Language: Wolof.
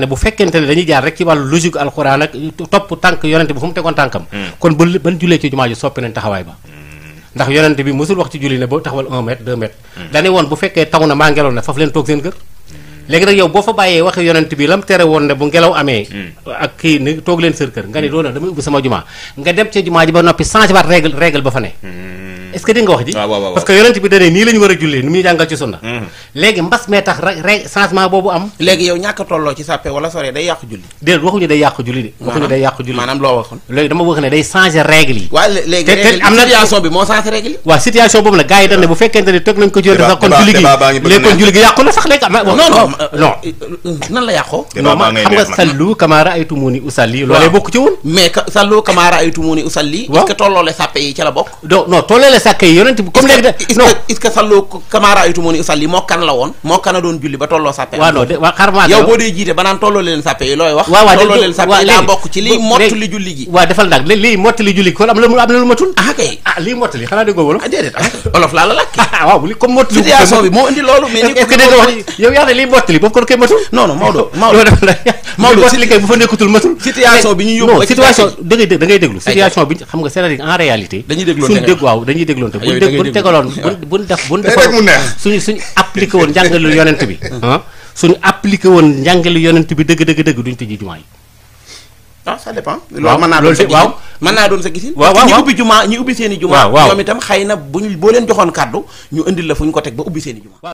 ne bu fekkente ne dañuy jaar rek ci wàllu logique alxuraan ak topp tànk yonente bi fu mu tegoon tànkam hmm. kon ba ban jullee ci jumaa ji soppi nañ taxawaay ba hmm. ndax yonente bi mosul wax ci julli ne ba taxawal 1 mètre 2 mètre hmm. dane woon bu fekkee taw na maa ngeloon ne faf leen toog seen kër léegi nag boo fa bàyyee waxe yonent bi lam tere woon ne bu ngelaw amee ak kii ni toog leen seen kër nga ne doona damay ubbi sama jumaa nga dem ca jumaa ji ba noppi est-ce que dégg nga wax ji ah, parce que yonent bi dane nii la war a jullee ni mu ñu jàngal ci sunna mm-hmm. léegi mbas mee tax re changement boobu am léegi yow ñàkk tolloo ci sàppe wala sore day yàqu julli déedéet waxuñu day yàqu julli de waxuñu day yàqu julli maanaam te am na situation bi moo changer règle yi waaw situation boobu nag gars yi bu fekkente ne toog nañ ko ci yonent sax kon julli gi léegi kon julli gi yàqu na sax léegi am non oh, oh, euh, nan la yàqoo non ma xam nga sallu kama raaytumuni usalli sàkk yi yonent bi moo a ah, ah, ah, indi loolu mais est yow yaa lii mottali boobu kon koy matul non non Maodo Maodo Maodo mottali kay bu fa nekkatul matul situation bi bi xam nga cest en réalité dañuy déglu waaw dañuy dégloon te ah, buñ buñ tegaloon ah. buñ def buñ defoon suñu suñu appliqué woon njàngalu yonent bi ah suñu appliqué woon njàngalu yonent bi dëgg dëgg dëgg duñ tëji jumaa yi ah ça dépend loolu mën naa doon sa waaw mën naa doon sa gisin waaw waaw ñi ubbi jumaa ñi ubbi seen jumaa ñoom itam xëy na buñ boo leen joxoon kàddu ñu indil la fu ñu ko teg ba ubbi seen jumaa